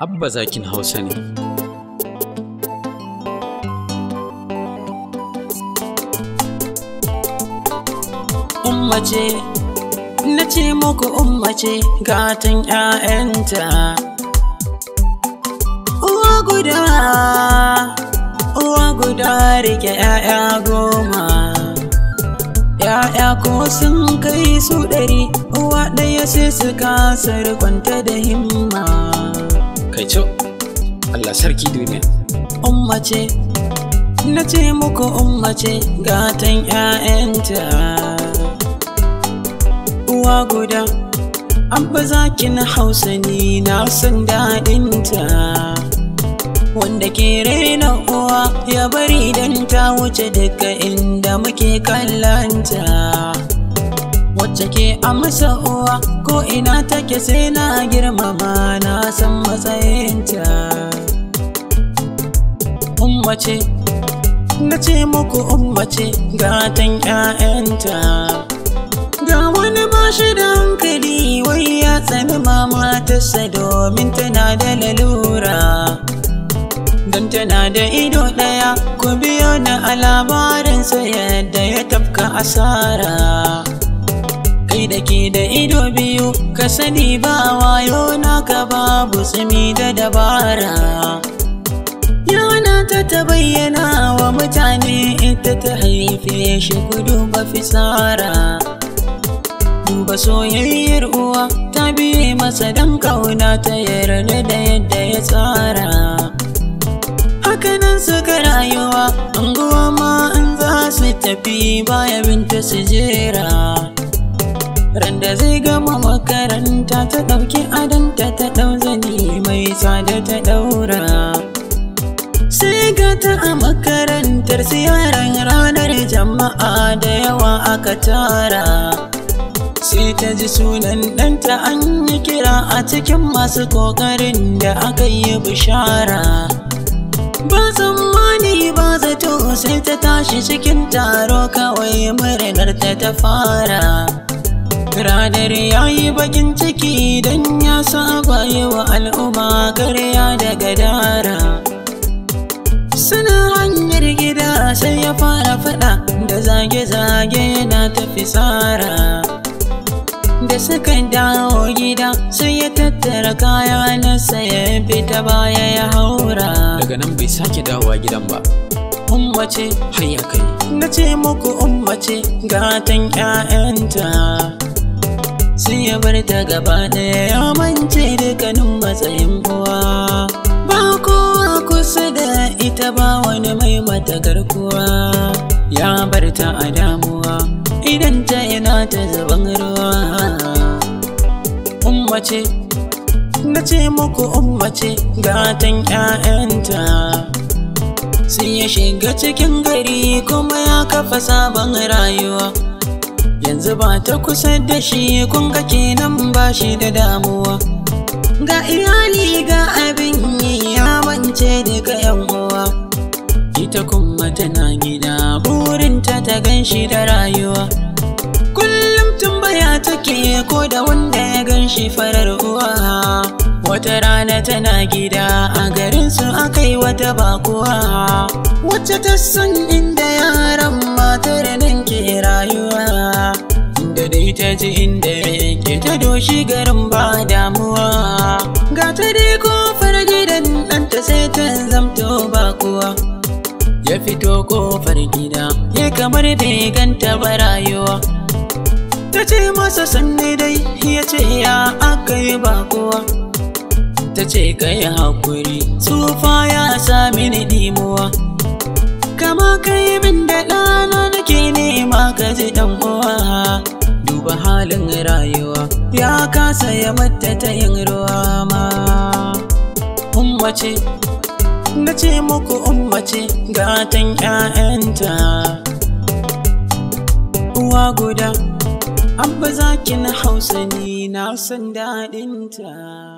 Abba zakin Hausa ne. Ummace, na ce muku ummace gatan ‘ya'yanta. Uwa guda, uwa guda rike ‘ya'ya goma. ‘Ya'ya ko sun kai su ɗari, uwa ɗaya sai su kasa kwanta da himma. co Allah sarki duniya ummace na ce muku ummace gatan 'ya'yanta uwa guda abba zaki na hausa ni na san daɗinta wanda ke raina uwa ya bari don ta wuce daga inda muke kallanta wacce ke masa uwa ko ina take sai na girmama na san matsayinta ummace na ce muku ummace gatan 'ya'yanta ga wani bashi da hankali wai ya tsani mamatarsa domin tana da lalura don tana da ido ɗaya ku biyo da alabarinsa yadda ya tafka asara kai da ke da ido biyu ka sani ba wayo naka babu tsimi da dabara yana ta ta bayyana wa mutane ita ta haife shi kudu ba fisara duba soyayyar uwa ta biye masa dan kauna ta yarda da yadda ya tsara hakanan suka rayuwa unguwa ma in za su tafi baya binta su jera randa zai gama makaranta ta ɗauki adanta ta ɗau zani mai tsada ta ɗaura sai ga ta a makarantar siyaran ranar jama'a da yawa aka tara sai ta ji sunan ɗanta an yi kira a cikin masu ƙoƙarin da aka yi bishara ba tsammani ba zato sai ta tashi cikin taro kawai murnar ta ta fara ya yi bakin ciki don ya saba yi wa al'umma karya daga dara suna hanyar gida sai ya fara faɗa, da zage-zage na tafi tsara da suka dawo gida sai ya tattara kaya na ya fita baya ya haura daga nan bai sake dawowa gidan ba ummace hayya kai na ce muku ummace gatan 'ya'yanta sun ya bar gaba ɗaya ya mance dukkanin matsayin uwa ba kowa kusa da ita ba wani mai mata garkuwa ya bar ta a damuwa idan ta ina ta zaban ruwa ummace na ce muku ummace gatan 'ya'yanta Sun ya shiga cikin gari kuma ya kafa sabon rayuwa yanzu ba ta kusa da shi kun ga kenan ba shi da damuwa ga iyali ga abin yi ya mance daga yan uwa ita kuma tana gida burinta ta gan shi da rayuwa kullum tambaya take ko da wanda ya gan shi farar uwa wata rana tana gida a garin su akai wata bakuwa wacce ta san inda yaran matar ji inda yake ta doshi garin ba damuwa ga ta dai kofar gidan ta sai ta zamto ba kuwa ya fito kofar gida ya kamar bai ganta ba rayuwa ta ce masa sanne dai ya ce ya aka yi ba kuwa ta ce kai hakuri tsufa ya sami mini dimuwa kama kai min da ɗana nake nema ka ji ɗan uwa duba halin rayuwa ya kasa ya mata ta yin ruwa ma ummace na ce muku ummace gatan 'ya'yanta uwa guda abba zakin hausa ni na san daɗinta